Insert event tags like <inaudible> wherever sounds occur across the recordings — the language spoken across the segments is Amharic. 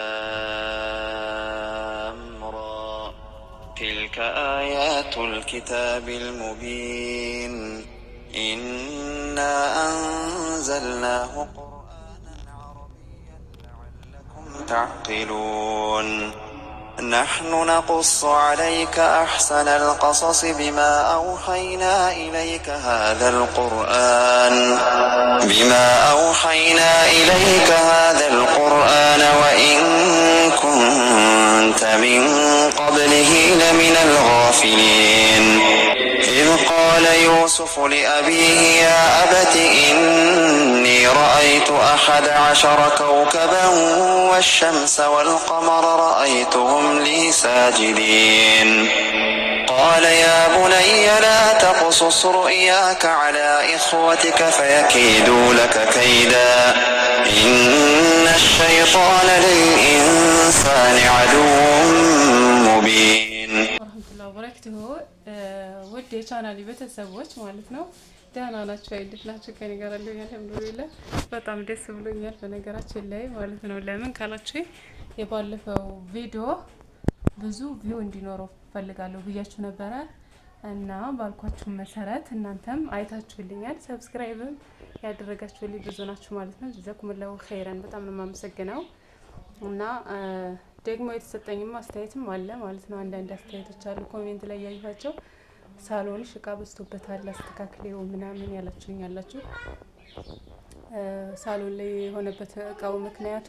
أمرا تلك آيات الكتاب المبين إنا أنزلناه قرآنا عربيا لعلكم تعقلون نحن نقص عليك أحسن القصص بما أوحينا إليك هذا القرآن بما أوحينا إليك هذا القرآن وإن كنت من قبله لمن الغافلين قال يوسف لأبيه يا أبت إني رأيت أحد عشر كوكبا والشمس والقمر رأيتهم لي ساجدين قال يا بني لا تقصص رؤياك على إخوتك فيكيدوا لك كيدا إن الشيطان للإنسان عدو مبين ውድ የቻናል ቤተሰቦች ማለት ነው። ደህና ናቸው አይደል? ናቸው ከኔ ጋር ያለው አልሐምዱሊላህ በጣም ደስ ብሎኛል። በነገራችን ላይ ማለት ነው ለምን ካላችሁ የባለፈው ቪዲዮ ብዙ ቪው እንዲኖረው ፈልጋለሁ ብያችሁ ነበረ እና ባልኳችሁ መሰረት እናንተም አይታችሁልኛል። ሰብስክራይብም ያደረጋችሁልኝ ብዙ ናችሁ ማለት ነው። ጀዛኩሙላሁ ኸይረን በጣም ነው የማመሰግነው። እና ደግሞ የተሰጠኝም አስተያየትም አለ ማለት ነው። አንዳንድ አስተያየቶች አሉ ኮሜንት ላይ ያዩኋቸው ሳሎንሽ እቃ በዝቶበታል አስተካክሌው ምናምን ያላችሁኝ ያላችሁ ሳሎን ላይ የሆነበት እቃው ምክንያቱ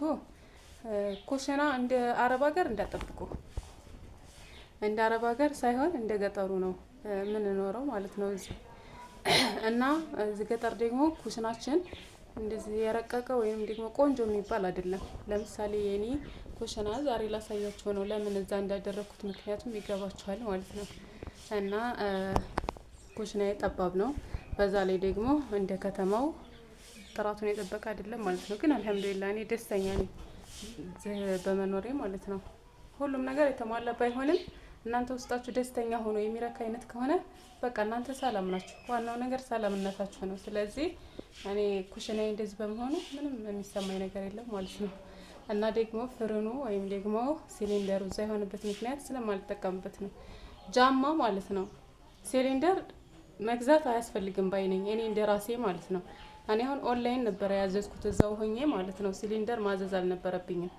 ኩሽና እንደ አረብ ሀገር እንዳጠብቁ እንደ አረብ ሀገር ሳይሆን እንደ ገጠሩ ነው የምንኖረው ማለት ነው እዚህ እና እዚህ ገጠር ደግሞ ኩሽናችን እንደዚህ የረቀቀ ወይም ደግሞ ቆንጆ የሚባል አይደለም። ለምሳሌ የኔ ኩሽና ዛሬ ላሳያችሁ ነው ለምን እዛ እንዳደረግኩት ምክንያቱም ይገባችኋል ማለት ነው። እና ኩሽናዬ ጠባብ ነው። በዛ ላይ ደግሞ እንደ ከተማው ጥራቱን የጠበቀ አይደለም ማለት ነው። ግን አልሐምዱሊላ እኔ ደስተኛ ነኝ በመኖሬ ማለት ነው። ሁሉም ነገር የተሟላ ባይሆንም እናንተ ውስጣችሁ ደስተኛ ሆኖ የሚረካ አይነት ከሆነ በቃ እናንተ ሰላም ናችሁ። ዋናው ነገር ሰላምነታችሁ ነው። ስለዚህ እኔ ኩሽናዬ እንደዚህ በመሆኑ ምንም የሚሰማኝ ነገር የለም ማለት ነው። እና ደግሞ ፍርኑ ወይም ደግሞ ሲሊንደሩ እዛ የሆነበት ምክንያት ስለማልጠቀምበት ነው። ጃማ ማለት ነው። ሲሊንደር መግዛት አያስፈልግም ባይነኝ እኔ እንደ ራሴ ማለት ነው። እኔ አሁን ኦንላይን ነበረ ያዘዝኩት እዛው ሆኜ ማለት ነው። ሲሊንደር ማዘዝ አልነበረብኝም።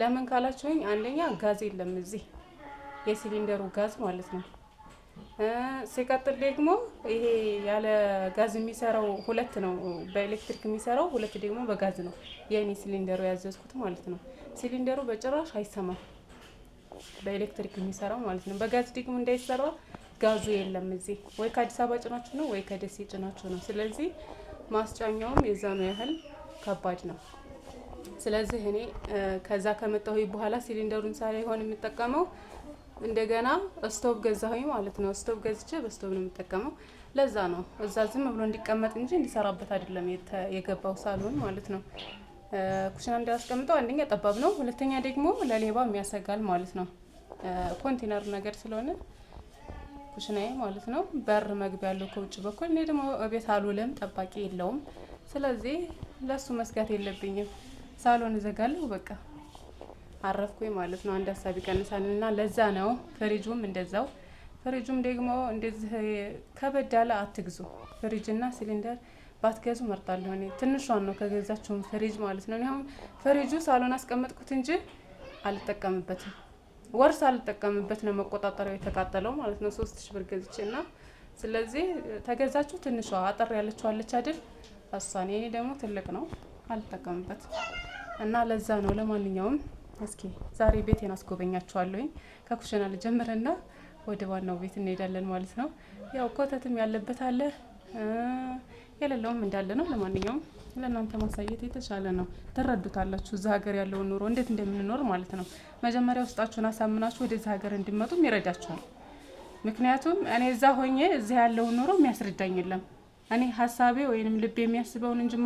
ለምን ካላችሁኝ አንደኛ ጋዝ የለም እዚህ የሲሊንደሩ ጋዝ ማለት ነው። ሲቀጥል ደግሞ ይሄ ያለ ጋዝ የሚሰራው ሁለት ነው፣ በኤሌክትሪክ የሚሰራው ሁለት ደግሞ በጋዝ ነው። የእኔ ሲሊንደሩ ያዘዝኩት ማለት ነው። ሲሊንደሩ በጭራሽ አይሰማም። በኤሌክትሪክ የሚሰራው ማለት ነው። በጋዝ ደግሞ እንዳይሰራ ጋዙ የለም እዚህ ወይ ከአዲስ አበባ ጭናችሁ ነው ወይ ከደሴ ጭናችሁ ነው። ስለዚህ ማስጫኛውም የዛኑ ያህል ከባድ ነው። ስለዚህ እኔ ከዛ ከመጣሁ በኋላ ሲሊንደሩን ሳይሆን የምጠቀመው እንደገና ስቶቭ ገዛሁኝ ማለት ነው። ስቶቭ ገዝቼ በስቶቭ ነው የምጠቀመው። ለዛ ነው እዛ ዝም ብሎ እንዲቀመጥ እንጂ እንዲሰራበት አይደለም የገባው ሳልሆን ማለት ነው። ኩሽና እንዳያስቀምጠው አንደኛ ጠባብ ነው፣ ሁለተኛ ደግሞ ለሌባ የሚያሰጋል ማለት ነው። ኮንቴነር ነገር ስለሆነ ኩሽናዬ ማለት ነው። በር መግቢያ ያለው ከውጭ በኩል እኔ ደግሞ ቤት አልውልም፣ ጠባቂ የለውም። ስለዚህ ለሱ መስጋት የለብኝም። ሳሎን እዘጋለሁ፣ በቃ አረፍኩኝ ማለት ነው። አንድ ሀሳብ ይቀንሳል እና ለዛ ነው ፍሪጁም እንደዛው ፍሪጁም ደግሞ እንደዚህ ከበድ ያለ አትግዙ። ፍሪጅና ሲሊንደር ባትገዙ መርጣለሁ። እኔ ትንሿን ነው ከገዛችሁን ፍሪጅ ማለት ነው። አሁን ፍሪጁ ሳሎን አስቀመጥኩት እንጂ አልጠቀምበትም። ወርስ አልጠቀምበት ነው መቆጣጠሪያው የተቃጠለው ማለት ነው። ሶስት ሺ ብር ገዝቼ እና ስለዚህ ተገዛችሁ ትንሿ አጠር ያለችው አለች አይደል? እሷን ደግሞ ትልቅ ነው አልጠቀምበት እና ለዛ ነው። ለማንኛውም እስኪ ዛሬ ቤቴን አስጎበኛችኋለሁኝ። ከኩሽና ልጀምርና ወደ ዋናው ቤት እንሄዳለን ማለት ነው። ያው ኮተትም ያለበት አለ የሌለውም እንዳለ ነው። ለማንኛውም ለእናንተ ማሳየት የተሻለ ነው። ትረዱታላችሁ እዚ ሀገር ያለውን ኑሮ እንዴት እንደምንኖር ማለት ነው። መጀመሪያ ውስጣችሁን አሳምናችሁ ወደዚህ ሀገር እንዲመጡም ይረዳችኋል። ምክንያቱም እኔ እዛ ሆኜ እዚህ ያለውን ኑሮ የሚያስረዳኝ የለም። እኔ ሀሳቤ ወይንም ልብ የሚያስበውን እንጂ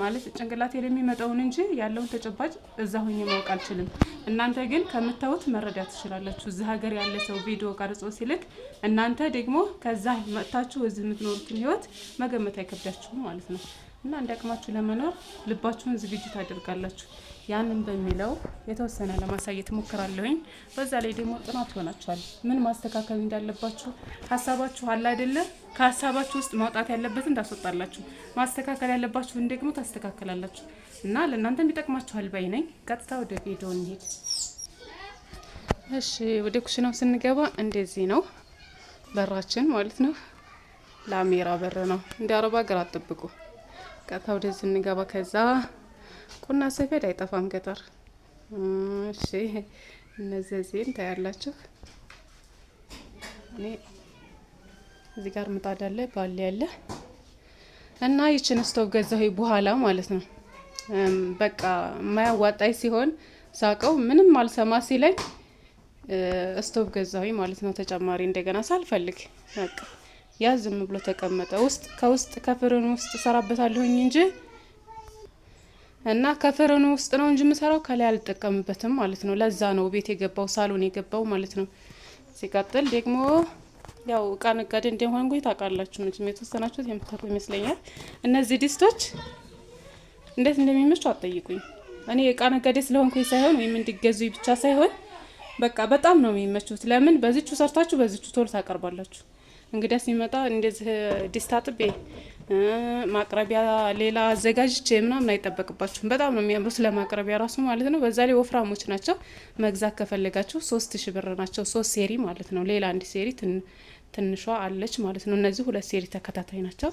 ማለት ጭንቅላቴ የሚመጣውን እንጂ ያለውን ተጨባጭ እዛ ሆኜ ማወቅ አልችልም። እናንተ ግን ከምታዩት መረዳት ትችላላችሁ። እዚህ ሀገር ያለ ሰው ቪዲዮ ቀርጾ ሲልክ፣ እናንተ ደግሞ ከዛ መጥታችሁ እዚህ የምትኖሩትን ህይወት መገመት አይከብዳችሁም ማለት ነው እና እንደ አቅማችሁ ለመኖር ልባችሁን ዝግጅት አድርጋላችሁ። ያንን በሚለው የተወሰነ ለማሳየት ሞክራለሁኝ። በዛ ላይ ደግሞ ጥናት ይሆናችኋል፣ ምን ማስተካከል እንዳለባችሁ ሀሳባችሁ አለ አይደለም። ከሀሳባችሁ ውስጥ ማውጣት ያለበትን ታስወጣላችሁ፣ ማስተካከል ያለባችሁን ደግሞ ታስተካከላላችሁ እና ለእናንተም ይጠቅማችኋል ባይ ነኝ። ቀጥታ ወደ ቪዲዮ እንሄድ። እሺ፣ ወደ ኩሽናው ስንገባ እንደዚህ ነው በራችን ማለት ነው። ላሜራ በር ነው። እንደ አረብ ሀገር አጠብቁ። ቀጥታ ወደዚህ እንገባ ከዛ ቁና ሰፌድ አይጠፋም ገጠር። እሺ እነዚህ ዜን ታያላችሁ። እኔ እዚህ ጋር ምጣድ አለ ባል ያለ እና ይችን ስቶቭ ገዛሁ በኋላ ማለት ነው። በቃ የማያዋጣኝ ሲሆን ሳቀው ምንም አልሰማ ሲለኝ ስቶቭ ገዛሁ ማለት ነው። ተጨማሪ እንደገና ሳልፈልግ በቃ ያ ዝም ብሎ ተቀመጠ። ውስጥ ከውስጥ ከፍርን ውስጥ እሰራበታለሁኝ እንጂ እና ከፍርን ውስጥ ነው እንጂ የምሰራው ከላይ አልጠቀምበትም ማለት ነው። ለዛ ነው ቤት የገባው ሳሎን የገባው ማለት ነው። ሲቀጥል ደግሞ ያው እቃ ነጋዴ እንደሆንኩኝ ታውቃላችሁ መቼም የተወሰናችሁት የምታውቁ ይመስለኛል። እነዚህ ድስቶች እንዴት እንደሚመቹ አትጠይቁኝ። እኔ እቃ ነጋዴ ስለሆንኩኝ ሳይሆን ወይም እንዲገዙኝ ብቻ ሳይሆን በቃ በጣም ነው የሚመቹት። ለምን በዚቹ ሰርታችሁ በዚቹ ቶሎ ታቀርባላችሁ። እንግዳ ሲመጣ እንደዚህ ድስት አጥቤ ማቅረቢያ ሌላ አዘጋጅቼ ምናምን አይጠበቅባችሁም። በጣም ነው የሚያምሩት ለማቅረቢያ ራሱ ማለት ነው። በዛ ላይ ወፍራሞች ናቸው። መግዛት ከፈለጋችሁ ሶስት ሺ ብር ናቸው። ሶስት ሴሪ ማለት ነው። ሌላ አንድ ሴሪ ትንሿ አለች ማለት ነው። እነዚህ ሁለት ሴሪ ተከታታይ ናቸው።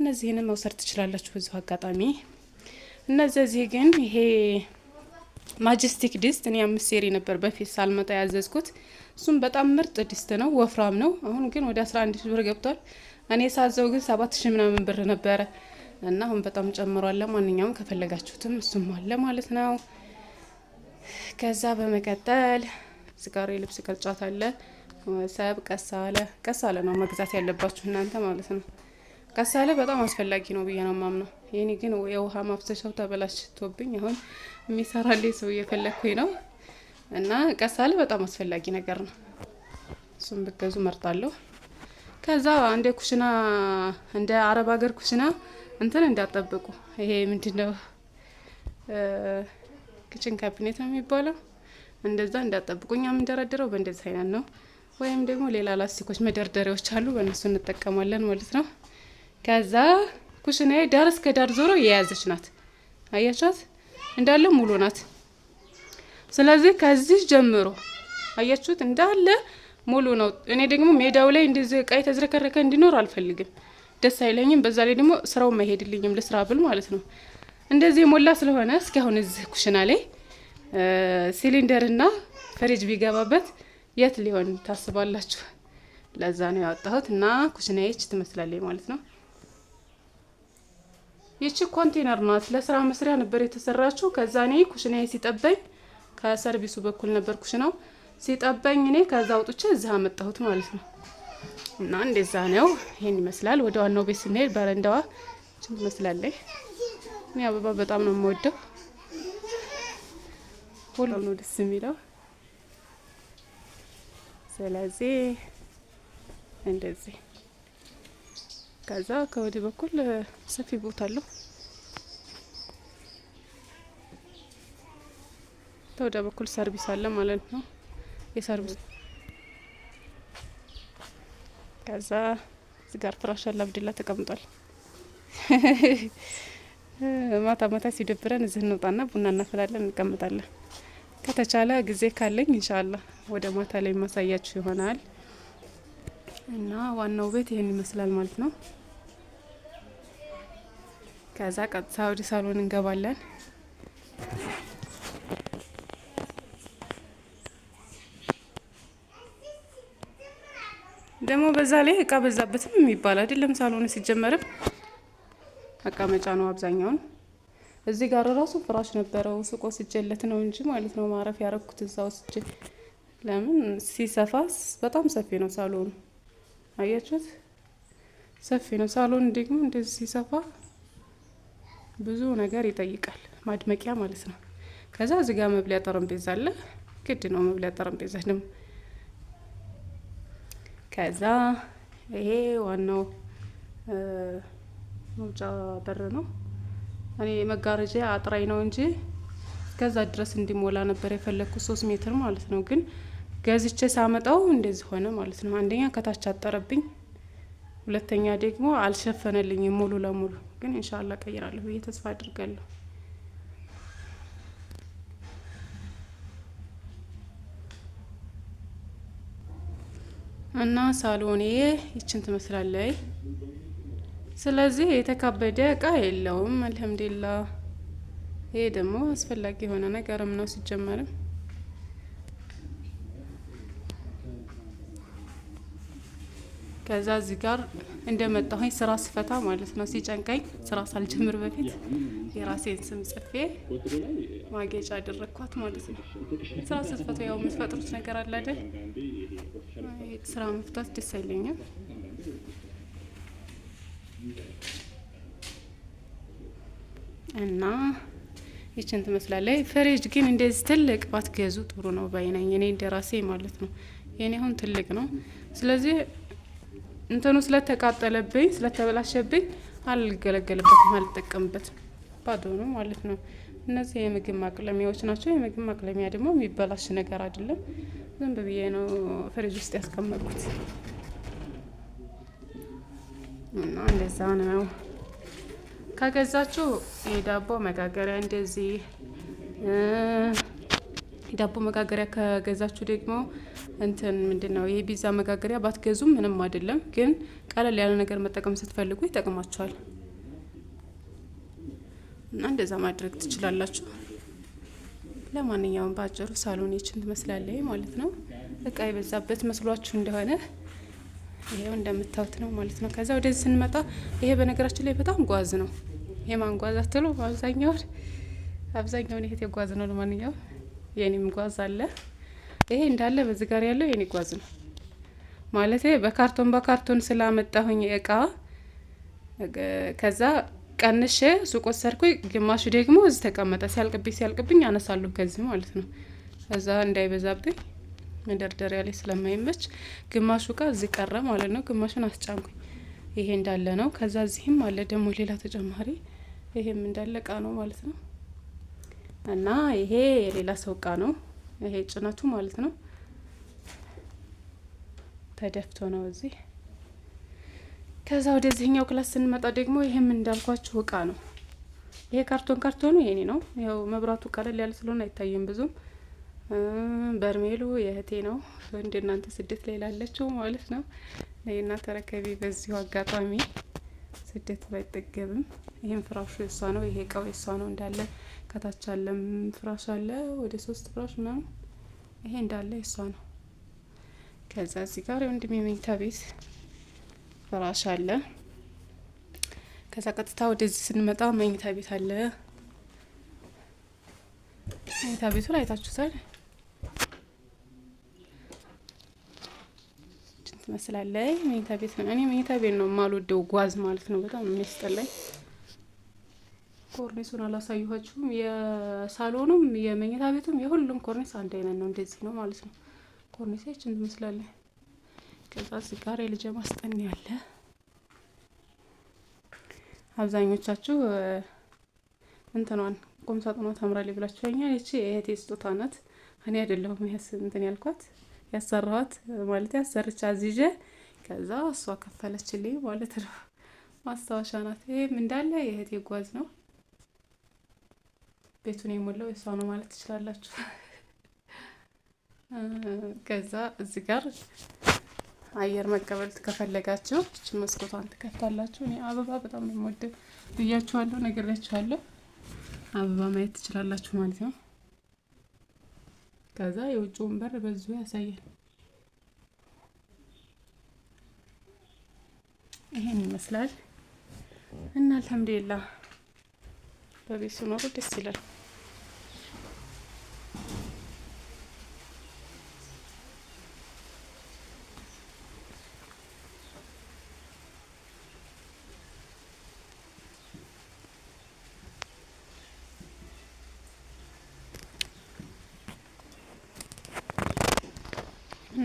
እነዚህን መውሰድ ትችላላችሁ በዚሁ አጋጣሚ። እነዚህ ግን ይሄ ማጀስቲክ ዲስት እኔ አምስት ሴሪ ነበር በፊት ሳልመጣ ያዘዝኩት እሱም በጣም ምርጥ ድስት ነው፣ ወፍራም ነው። አሁን ግን ወደ 11 ሺ ብር ገብቷል። እኔ ሳዘው ግን ሰባት ሺ ምናምን ብር ነበረ እና አሁን በጣም ጨምሯል። ለማንኛውም ከፈለጋችሁትም እሱም አለ ማለት ነው። ከዛ በመቀጠል ስጋሪ ልብስ ቅርጫት አለ። ሰብ ቀሳለ ቀሳለ ነው መግዛት ያለባችሁ እናንተ ማለት ነው። ቀሳለ በጣም አስፈላጊ ነው ብዬ ነው ማምነው። ይህኔ ግን የውሃ ማፍሰሻው ተበላሽቶብኝ አሁን የሚሰራልኝ ሰው እየፈለግኩኝ ነው። እና ቀሳለ በጣም አስፈላጊ ነገር ነው። እሱም ብገዙ መርጣለሁ። ከዛ እንደ ኩሽና እንደ አረብ ሀገር ኩሽና እንትን እንዳጠብቁ ይሄ ምንድነው ክችን ካቢኔት ነው የሚባለው። እንደዛ እንዳጠብቁ እኛ የምንደረድረው በእንደዚህ አይነት ነው። ወይም ደግሞ ሌላ ላስቲኮች መደርደሪያዎች አሉ፣ በእነሱ እንጠቀማለን ማለት ነው። ከዛ ኩሽናዬ ዳር እስከ ዳር ዞሮ የያዘች ናት። አያችኋት? እንዳለ ሙሉ ናት። ስለዚህ ከዚህ ጀምሮ አያችሁት እንዳለ ሙሉ ነው። እኔ ደግሞ ሜዳው ላይ እንደዚህ እቃ የተዝረከረከ እንዲኖር አልፈልግም፣ ደስ አይለኝም። በዛ ላይ ደግሞ ስራው አይሄድልኝም ልስራ ብል ማለት ነው። እንደዚህ የሞላ ስለሆነ እስኪ አሁን እዚህ ኩሽና ላይ ሲሊንደርና ፍሪጅ ቢገባበት የት ሊሆን ታስባላችሁ? ለዛ ነው ያወጣሁት እና ኩሽና ይች ትመስላለች ማለት ነው። ይቺ ኮንቴነር ናት። ለስራ መስሪያ ነበር የተሰራችው። ከዛ እኔ ኩሽና ሲጠበኝ ከሰርቪሱ በኩል ነበርኩሽ ነው ሲጠበኝ እኔ ከዛ አውጥቼ እዚህ አመጣሁት ማለት ነው። እና እንደዛ ነው። ይሄን ይመስላል። ወደ ዋናው ቤት ስንሄድ በረንዳዋ ትመስላለች። እኔ አበባ በጣም ነው የምወደው። ሁሉ ነው ደስ የሚለው። ስለዚህ እንደዚህ ከዛ ከወዲህ በኩል ሰፊ ቦታ አለው። ወደ በኩል ሰርቪስ አለ ማለት ነው። የሰርቪስ ከዛ እዚህ ጋር ፍራሽ አለ፣ አብድላ ተቀምጧል። <laughs> ማታ ማታ ሲደብረን እዚህ እንውጣና ቡና እናፈላለን፣ እንቀምጣለን። ከተቻለ ጊዜ ካለኝ እንሻላ ወደ ማታ ላይ ማሳያችሁ ይሆናል። እና ዋናው ቤት ይህን ይመስላል ማለት ነው። ከዛ ቀጥታ ወደ ሳሎን እንገባለን። ደግሞ በዛ ላይ እቃ በዛበትም የሚባል አይደለም። ሳሎን ሲጀመርም መቀመጫ ነው አብዛኛውን። እዚህ ጋር ራሱ ፍራሽ ነበረው ሱቆ ስጀለት ነው እንጂ ማለት ነው ማረፍ ያረኩት እዛ ውስጥ። ለምን ሲሰፋ በጣም ሰፊ ነው ሳሎኑ። አያችሁት? ሰፊ ነው ሳሎን። ደግሞ እንደዚህ ሲሰፋ ብዙ ነገር ይጠይቃል፣ ማድመቂያ ማለት ነው። ከዛ እዚህ ጋር መብሊያ ጠረጴዛ አለ። ግድ ነው መብሊያ ጠረጴዛ ደግሞ ከዛ ይሄ ዋናው መውጫ በር ነው። እኔ መጋረጃ አጥራይ ነው እንጂ እስከዛ ድረስ እንዲሞላ ነበር የፈለግኩት ሶስት ሜትር ማለት ነው። ግን ገዝቼ ሳመጣው እንደዚህ ሆነ ማለት ነው። አንደኛ ከታች አጠረብኝ፣ ሁለተኛ ደግሞ አልሸፈነልኝም ሙሉ ለሙሉ። ግን እንሻላ ቀይራለሁ ብዬ ተስፋ አድርጋለሁ። እና ሳሎኔ ይችን ትመስላለይ። ስለዚህ የተካበደ እቃ የለውም። አልሐምዱሊላ። ይሄ ደግሞ አስፈላጊ የሆነ ነገርም ነው ሲጀመርም ከዛ እዚህ ጋር እንደመጣሁኝ ስራ ስፈታ ማለት ነው። ሲጨንቀኝ ስራ ሳልጀምር በፊት የራሴን ስም ጽፌ ማጌጫ አደረግኳት ማለት ነው። ስራ ስትፈቱ ያው የምትፈጥሩት ነገር አለ አይደል? ስራ መፍታት ደስ አይለኛል። እና ይችን ትመስላለች። ፍሪጅ ግን እንደዚህ ትልቅ ባትገዙ ጥሩ ነው ባይነኝ እኔ እንደራሴ ማለት ነው። የኔ አሁን ትልቅ ነው። ስለዚህ እንትኑ ስለተቃጠለብኝ ስለተበላሸብኝ አልገለገልበትም፣ አልጠቀምበትም። ባዶ ነው ማለት ነው። እነዚህ የምግብ ማቅለሚያዎች ናቸው። የምግብ ማቅለሚያ ደግሞ የሚበላሽ ነገር አይደለም። ዝም ብዬ ነው ፍሪጅ ውስጥ ያስቀመጥኩት እና እንደዛ ነው። ከገዛችሁ የዳቦ መጋገሪያ እንደዚህ የዳቦ መጋገሪያ ከገዛችሁ ደግሞ እንትን ምንድን ነው ይሄ ቢዛ መጋገሪያ ባትገዙም ምንም አይደለም፣ ግን ቀለል ያለ ነገር መጠቀም ስትፈልጉ ይጠቅማችኋል። እና እንደዛ ማድረግ ትችላላችሁ። ለማንኛውም በአጭሩ ሳሎኔችን ትመስላለች ማለት ነው። እቃ የበዛበት መስሏችሁ እንደሆነ ይሄው እንደምታዩት ነው ማለት ነው። ከዛ ወደዚህ ስንመጣ ይሄ በነገራችን ላይ በጣም ጓዝ ነው። ይሄ ማን ጓዝ አትሉ? አብዛኛውን አብዛኛውን ይሄት ጓዝ ነው። ለማንኛውም የኔም ጓዝ አለ። ይሄ እንዳለ በዚህ ጋር ያለው የኔ ጓዝ ነው ማለት በካርቶን በካርቶን ስላመጣሁኝ እቃ ከዛ ቀንሼ ሱቅ ወሰድኩኝ። ግማሹ ደግሞ እዚህ ተቀመጠ። ሲያልቅብኝ ሲያልቅብኝ አነሳለሁ ከዚህ ማለት ነው። እዛ እንዳይበዛብኝ መደርደሪያ ላይ ስለማይመች ግማሹ ጋር እዚህ ቀረ ማለት ነው። ግማሹን አስጫንኩኝ። ይሄ እንዳለ ነው። ከዛ እዚህም አለ ደግሞ ሌላ ተጨማሪ። ይሄም እንዳለ እቃ ነው ማለት ነው። እና ይሄ የሌላ ሰው እቃ ነው። ይሄ ጭነቱ ማለት ነው። ተደፍቶ ነው እዚህ ከዛ ወደዚህኛው ክላስ ስንመጣ ደግሞ ይሄም እንዳልኳችሁ እቃ ነው። ይሄ ካርቶን ካርቶኑ የኔ ነው። ያው መብራቱ ቀለል ያለ ስለሆነ አይታይም ብዙም። በርሜሉ የእህቴ ነው። እንደ እናንተ ስደት ላይ ላለችው ማለት ነው። እና ተረከቢ በዚሁ አጋጣሚ ስደት ባይጠገብም ይህም ፍራሹ የሷ ነው። ይሄ እቃው የሷ ነው እንዳለ ከታች አለም ፍራሽ አለ ወደ ሶስት ፍራሽ ምናምን ይሄ እንዳለ የሷ ነው። ከዛ እዚህ ጋር ወንድሜ መኝታ ቤት ፍራሽ አለ። ከዛ ቀጥታ ወደዚህ ስንመጣ መኝታ ቤት አለ። መኝታ ቤቱን አይታችሁታል። ትመስላለይ መኝታ ቤት ነው። እኔ መኝታ ቤት ነው የማልወደው፣ ጓዝ ማለት ነው። በጣም የሚያስጠላኝ ኮርኒሱን አላሳየኋችሁም። የሳሎኑም የመኝታ ቤቱም የሁሉም ኮርኒስ አንድ አይነት ነው። እንደዚህ ነው ማለት ነው። ኮርኒሳችን ትመስላለኝ። ከዛ እዚህ ጋር የልጄ ማስጠን ያለ አብዛኞቻችሁ እንትኗን ቁም ሳጥኗ ታምራለች ብላችሁኛል። ይቺ እህቴ ስጦታ ናት። እኔ አይደለሁም ያስ እንትን ያልኳት ያሰራኋት ማለት ያሰርቻ አዚዤ ከዛ እሷ ከፈለችልኝ ማለት ነው። ማስታወሻ ናት። ይህም እንዳለ የእህቴ ጓዝ ነው። ቤቱን የሞላው የሷ ነው ማለት ትችላላችሁ። ከዛ እዚህ ጋር አየር መቀበል ከፈለጋችሁ እች መስኮቷን ትከፍታላችሁ። እኔ አበባ በጣም ነው የምወደው ብያችኋለሁ፣ ነግሬያችኋለሁ። አበባ ማየት ትችላላችሁ ማለት ነው። ከዛ የውጭውን በር በዙ ያሳያል። ይሄን ይመስላል እና አልሐምዱሊላህ በቤት ስኖሩ ደስ ይላል።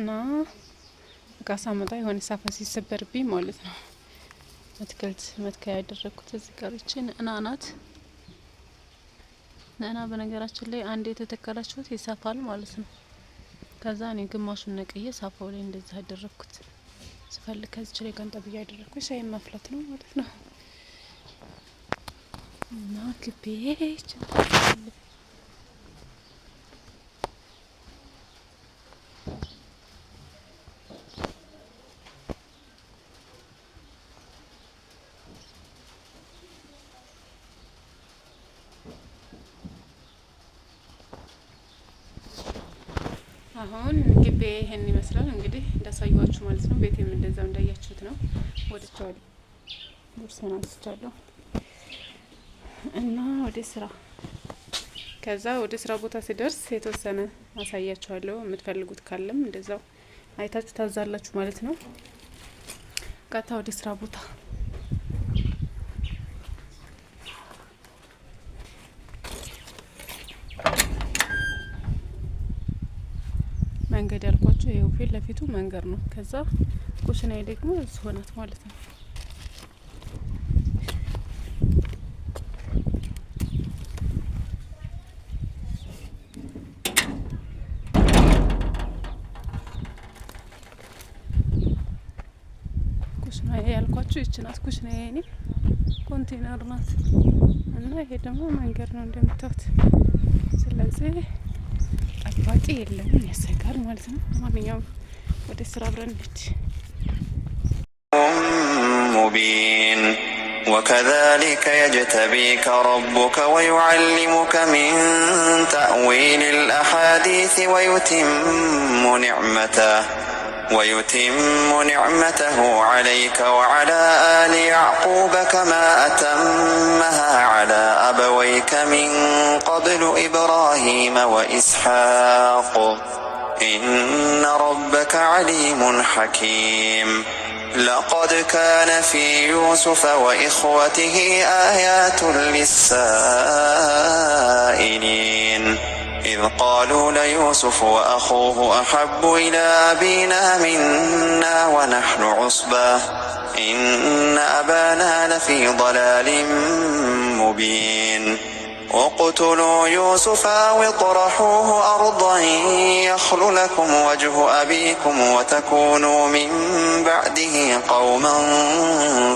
እና እቃ ሳመጣ የሆነ ሳፋ ሲሰበርብኝ ማለት ነው አትክልት መትከያ ያደረግኩት እዚህ ጋር ይችን እናናት ነእና በነገራችን ላይ አንድ የተተከላችሁት ይሰፋል ማለት ነው። ከዛ እኔ ግማሹን ነቅዬ ሳፋው ላይ እንደዚህ ያደረግኩት ስፈልግ ከዚች ላይ ቀንጠብ እያደረግኩ ሻይን ማፍላት ነው ማለት ነው እና ግቤ ውዴ ይሄን ይመስላል እንግዲህ እንዳሳየዋችሁ ማለት ነው። ቤቴም እንደዛው እንዳያችሁት ነው። ወጥቻለሁ፣ ቦርሳዬን አንስቻለሁ እና ወደ ስራ ከዛ ወደ ስራ ቦታ ሲደርስ የተወሰነ አሳያችኋለሁ። የምትፈልጉት ካለም እንደዛው አይታችሁ ታዛላችሁ ማለት ነው። ቀጥታ ወደ ስራ ቦታ መንገድ ያልኳቸው ይኸው ፊት ለፊቱ መንገድ ነው። ከዛ ኩሽናዬ ደግሞ እዚህ ሆናት ማለት ነው። ኩሽናዬ ያልኳቸው ይች ናት። ኩሽናዬ እኔ ኮንቴነር ናት እና ይሄ ደግሞ መንገድ ነው እንደምታዩት ስለዚህ መዋጮ የለም ያሰጋል ማለት ነው። ወደ ስራ ሙቢን وكذلك يجتبيك ربك ويعلمك من تأويل الأحاديث ويتم نعمته ويتم نعمته عليك وعلى آل يعقوب كما أتمها على أبويك من قبل إبراهيم وإسحاق إن ربك عليم حكيم لقد كان في يوسف وإخوته آيات للسائلين إذ قالوا ليوسف وأخوه أحب إلى أبينا منا ونحن عصبة إن أبانا لفي ضلال مبين اقتلوا يوسف أو اطرحوه أرضا يخل لكم وجه أبيكم وتكونوا من بعده قوما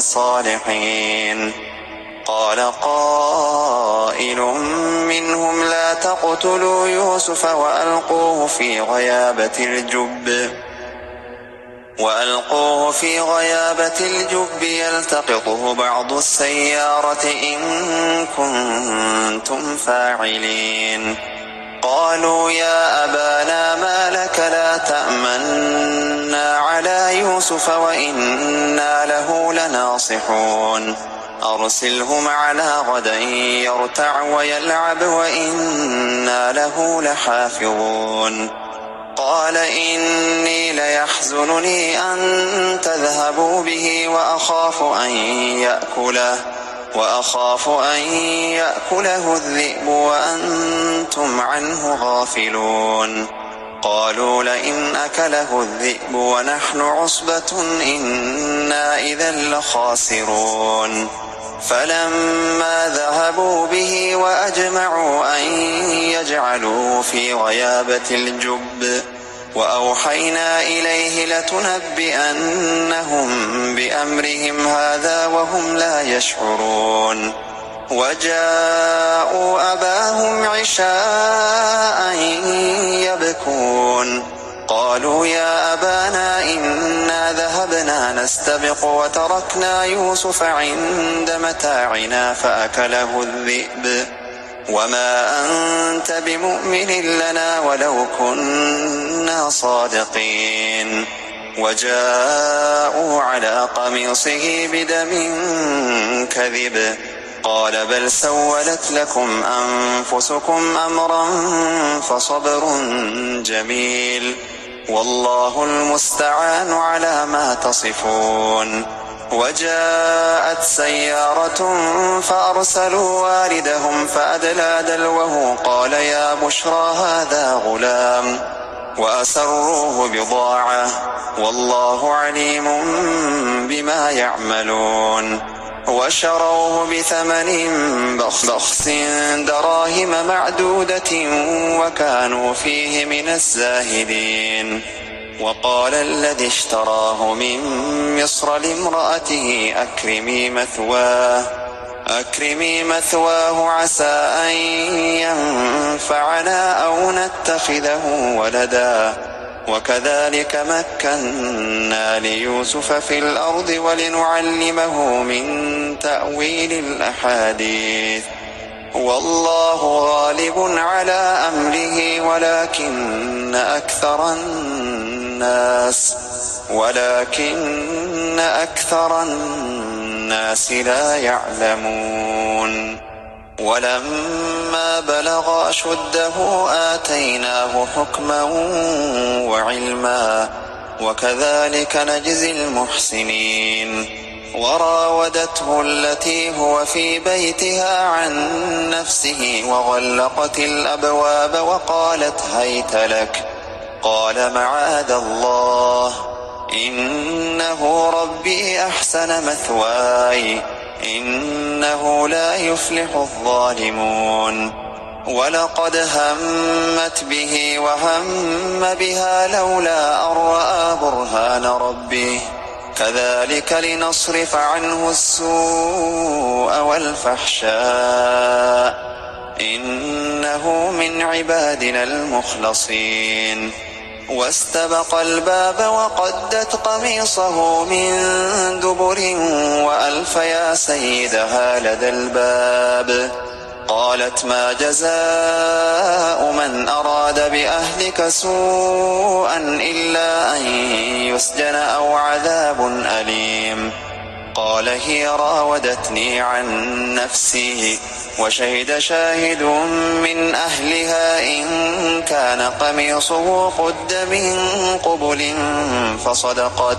صالحين قال قائل منهم لا تقتلوا يوسف وألقوه في غيابة الجب وألقوه في غيابة الجب يلتقطه بعض السيارة إن كنتم فاعلين قالوا يا أبانا ما لك لا تأمنا على يوسف وإنا له لناصحون أرسله معنا غدا يرتع ويلعب وإنا له لحافظون قال إني ليحزنني أن تذهبوا به وأخاف أن يأكله وأخاف أن يأكله الذئب وأنتم عنه غافلون قالوا لئن أكله الذئب ونحن عصبة إنا إذا لخاسرون فلما ذهبوا به وأجمعوا أن يجعلوه في غيابة الجب وأوحينا إليه لتنبئنهم بأمرهم هذا وهم لا يشعرون وجاءوا أباهم عشاء السابق وتركنا يوسف عند متاعنا فأكله الذئب وما أنت بمؤمن لنا ولو كنا صادقين وجاءوا على قميصه بدم كذب قال بل سولت لكم أنفسكم أمرا فصبر جميل والله المستعان على ما تصفون وجاءت سيارة فأرسلوا والدهم فأدلى دلوه قال يا بشرى هذا غلام وأسروه بضاعة والله عليم بما يعملون وشروه بثمن بخس دراهم معدودة وكانوا فيه من الزاهدين وقال الذي اشتراه من مصر لامرأته أكرمي مثواه أكرمي مثواه عسى أن ينفعنا أو نتخذه ولداً وكذلك مكنا ليوسف في الأرض ولنعلمه من تأويل الأحاديث والله غالب على أمره ولكن أكثر الناس ولكن أكثر الناس لا يعلمون ولما بلغ أشده آتيناه حكما وعلما وكذلك نجزي المحسنين وراودته التي هو في بيتها عن نفسه وغلقت الأبواب وقالت هيت لك قال معاذ الله إنه ربي أحسن مثواي إنه لا يفلح الظالمون ولقد همت به وهم بها لولا أن رأى برهان ربه كذلك لنصرف عنه السوء والفحشاء إنه من عبادنا المخلصين واستبق الباب وقدت قميصه من دبر وألف يا سيدها لدى الباب قالت ما جزاء من أراد بأهلك سوءا إلا أن يسجن أو عذاب أليم قال هي راودتني عن نفسي وشهد شاهد من أهلها إن كان قميصه قد من قبل فصدقت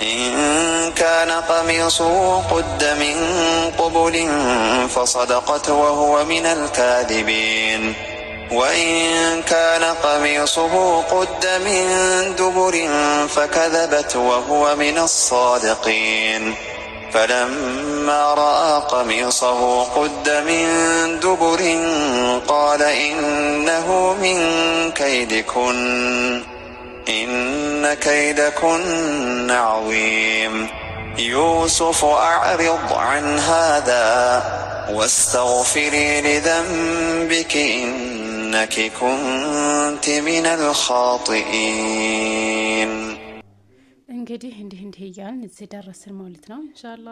إن كان قميصه قد من قبل فصدقت وهو من الكاذبين وإن كان قميصه قد من دبر فكذبت وهو من الصادقين فلما رأى قميصه قد من دبر قال إنه من كيدكن إن كيدكن عظيم يوسف أعرض عن هذا واستغفري لذنبك إنك كنت من الخاطئين እንግዲህ እንዲህ እንዲህ እያልን እዚህ ደረስን ማለት ነው። እንሻላ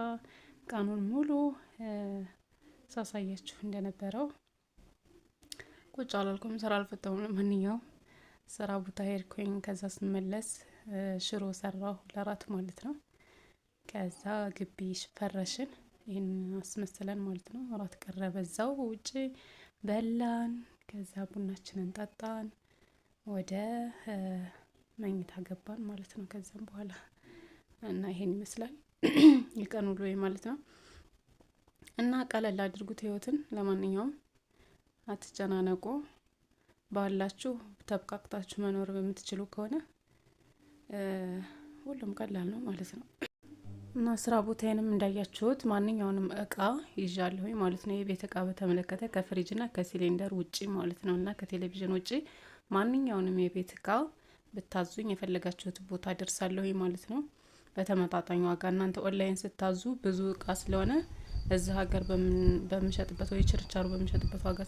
ቀኑን ሙሉ ሳሳያችሁ እንደነበረው ቁጭ አላልኩም፣ ስራ አልፈታሁም። ለማንኛውም ስራ ቦታ ሄድኩኝ። ከዛ ስመለስ ሽሮ ሰራሁ ለራት ማለት ነው። ከዛ ግቢ ፈረሽን፣ ይህን አስመስለን ማለት ነው። ራት ቀረበ እዛው ውጭ በላን። ከዛ ቡናችንን ጠጣን ወደ መኝታ ገባን ማለት ነው። ከዛም በኋላ እና ይሄን ይመስላል <clears throat> የቀን ውሎ ማለት ነው። እና ቀለል አድርጉት ህይወትን። ለማንኛውም አትጨናነቁ። ባላችሁ ተብቃቅታችሁ መኖር በምትችሉ ከሆነ ሁሉም ቀላል ነው ማለት ነው። እና ስራ ቦታዬንም እንዳያችሁት ማንኛውንም እቃ ይዣለሁኝ ማለት ነው። የቤት እቃ በተመለከተ ከፍሪጅና ከሲሊንደር ውጪ ማለት ነው እና ከቴሌቪዥን ውጪ ማንኛውንም የቤት እቃ ብታዙኝ የፈለጋችሁት ቦታ ደርሳለሁ ማለት ነው በተመጣጣኝ ዋጋ። እናንተ ኦንላይን ስታዙ ብዙ እቃ ስለሆነ እዚህ ሀገር በምሸጥበት ወይ ችርቻሩ በምሸጥበት ዋጋ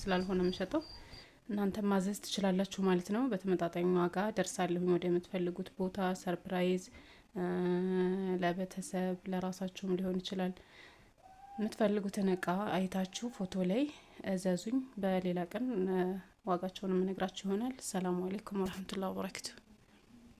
ስላልሆነ የምሸጠው እናንተ ማዘዝ ትችላላችሁ ማለት ነው። በተመጣጣኝ ዋጋ ደርሳለሁ ወደ የምትፈልጉት ቦታ ሰርፕራይዝ ለቤተሰብ ለራሳችሁም ሊሆን ይችላል። የምትፈልጉትን እቃ አይታችሁ ፎቶ ላይ እዘዙኝ። በሌላ ቀን ዋጋቸውን የምነግራችሁ ይሆናል። ሰላሙ አሌይኩም ወረህመቱላሂ ወበረካቱሁ።